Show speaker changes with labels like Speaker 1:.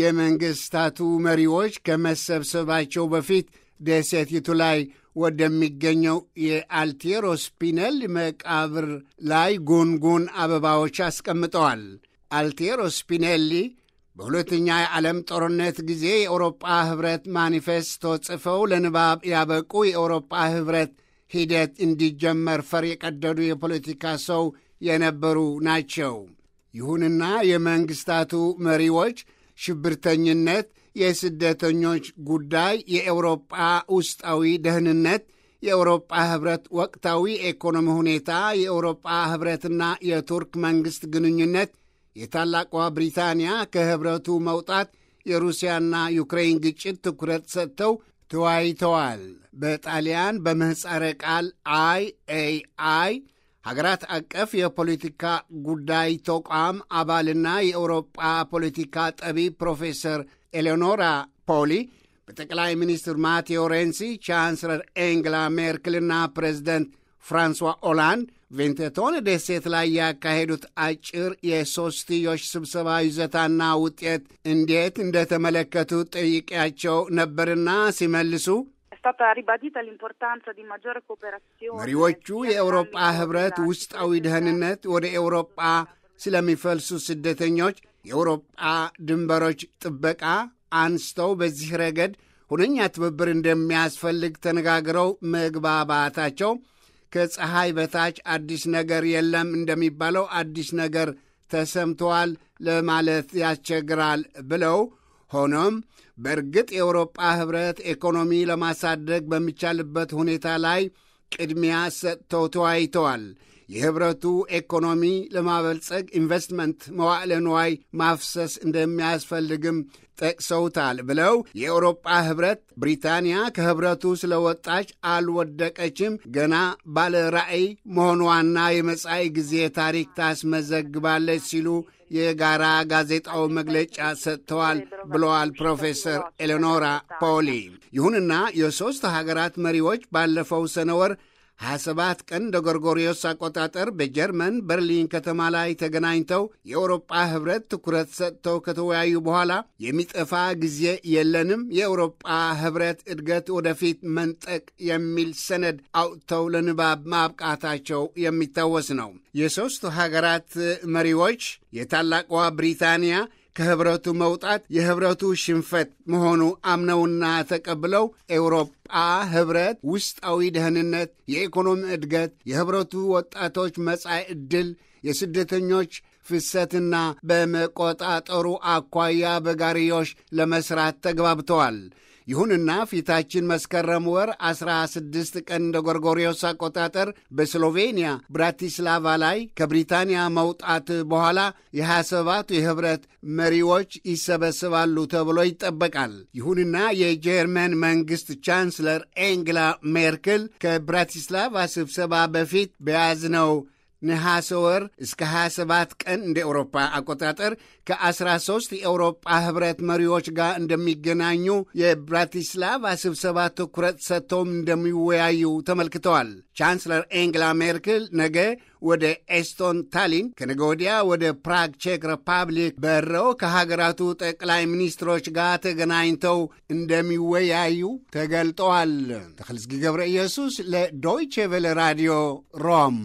Speaker 1: የመንግሥታቱ መሪዎች ከመሰብሰባቸው በፊት ደሴቲቱ ላይ ወደሚገኘው የአልቴሮ ስፒነል መቃብር ላይ ጉንጉን አበባዎች አስቀምጠዋል። አልቴሮ ስፒኔሊ በሁለተኛ የዓለም ጦርነት ጊዜ የአውሮጳ ኅብረት ማኒፌስቶ ጽፈው ለንባብ ያበቁ የአውሮጳ ኅብረት ሂደት እንዲጀመር ፈር የቀደዱ የፖለቲካ ሰው የነበሩ ናቸው። ይሁንና የመንግሥታቱ መሪዎች ሽብርተኝነት፣ የስደተኞች ጉዳይ፣ የአውሮጳ ውስጣዊ ደህንነት፣ የአውሮጳ ህብረት ወቅታዊ ኢኮኖሚ ሁኔታ፣ የአውሮጳ ህብረትና የቱርክ መንግሥት ግንኙነት፣ የታላቋ ብሪታንያ ከህብረቱ መውጣት፣ የሩሲያና ዩክሬን ግጭት ትኩረት ሰጥተው ተወያይተዋል። በጣሊያን በምህፃረ ቃል አይ ኤ አይ ሀገራት አቀፍ የፖለቲካ ጉዳይ ተቋም አባልና የአውሮጳ ፖለቲካ ጠቢብ ፕሮፌሰር ኤሌኖራ ፖሊ በጠቅላይ ሚኒስትር ማቴዎ ሬንሲ፣ ቻንስለር ኤንግላ ሜርክልና ፕሬዚደንት ፍራንሷ ኦላንድ ቬንቴቶን ደሴት ላይ ያካሄዱት አጭር የሶስትዮሽ ስብሰባ ይዘታና ውጤት እንዴት እንደተመለከቱ ጠይቄያቸው ነበርና ሲመልሱ stata ribadita l'importanza di maggiore cooperazione መሪዎቹ የአውሮጳ ህብረት ውስጣዊ ደህንነት ወደ ኤውሮጳ ስለሚፈልሱ ስደተኞች የአውሮጳ ድንበሮች ጥበቃ አንስተው በዚህ ረገድ ሁነኛ ትብብር እንደሚያስፈልግ ተነጋግረው መግባባታቸው ከፀሐይ በታች አዲስ ነገር የለም እንደሚባለው አዲስ ነገር ተሰምተዋል ለማለት ያስቸግራል ብለው ሆኖም በእርግጥ የአውሮጳ ኅብረት ኢኮኖሚ ለማሳደግ በሚቻልበት ሁኔታ ላይ ቅድሚያ ሰጥተው ተወያይተዋል። የህብረቱ ኢኮኖሚ ለማበልጸግ ኢንቨስትመንት መዋዕለ ንዋይ ማፍሰስ እንደሚያስፈልግም ጠቅሰውታል ብለው የአውሮጳ ህብረት ብሪታንያ ከህብረቱ ስለወጣች አልወደቀችም፣ ገና ባለ ራዕይ መሆኗና የመጻኢ ጊዜ ታሪክ ታስመዘግባለች ሲሉ የጋራ ጋዜጣው መግለጫ ሰጥተዋል ብለዋል ፕሮፌሰር ኤሌኖራ ፖሊ። ይሁንና የሦስት ሀገራት መሪዎች ባለፈው ሰነወር 27 ቀን እንደ ጎርጎሪዮስ አቆጣጠር በጀርመን በርሊን ከተማ ላይ ተገናኝተው የአውሮጳ ህብረት ትኩረት ሰጥተው ከተወያዩ በኋላ የሚጠፋ ጊዜ የለንም፣ የአውሮጳ ህብረት እድገት ወደፊት መንጠቅ የሚል ሰነድ አውጥተው ለንባብ ማብቃታቸው የሚታወስ ነው። የሦስቱ ሀገራት መሪዎች የታላቋ ብሪታንያ ከህብረቱ መውጣት የህብረቱ ሽንፈት መሆኑ አምነውና ተቀብለው ኤውሮፓ ህብረት ውስጣዊ ደህንነት፣ የኢኮኖሚ እድገት፣ የህብረቱ ወጣቶች መጻኢ ዕድል፣ የስደተኞች ፍሰትና በመቆጣጠሩ አኳያ በጋርዮሽ ለመስራት ተግባብተዋል። ይሁንና ፊታችን መስከረም ወር 16 ቀን እንደ ጎርጎሪዮስ አቆጣጠር በስሎቬንያ ብራቲስላቫ ላይ ከብሪታንያ መውጣት በኋላ የ27ቱ የህብረት መሪዎች ይሰበስባሉ ተብሎ ይጠበቃል። ይሁንና የጀርመን መንግስት ቻንስለር ኤንግላ ሜርክል ከብራቲስላቫ ስብሰባ በፊት በያዝነው ነሐሴ ወር እስከ 27 ቀን እንደ ኤውሮፓ አቆጣጠር ከ13 የአውሮፓ ህብረት መሪዎች ጋር እንደሚገናኙ የብራቲስላቫ ስብሰባ ትኩረት ሰጥተውም እንደሚወያዩ ተመልክተዋል። ቻንስለር ኤንግላ ሜርክል ነገ ወደ ኤስቶን ታሊን፣ ከነገ ወዲያ ወደ ፕራግ ቼክ ሪፐብሊክ በረው ከሀገራቱ ጠቅላይ ሚኒስትሮች ጋር ተገናኝተው እንደሚወያዩ ተገልጠዋል። ተክልስጊ ገብረ ኢየሱስ ለዶይቼ ቬለ ራዲዮ ሮም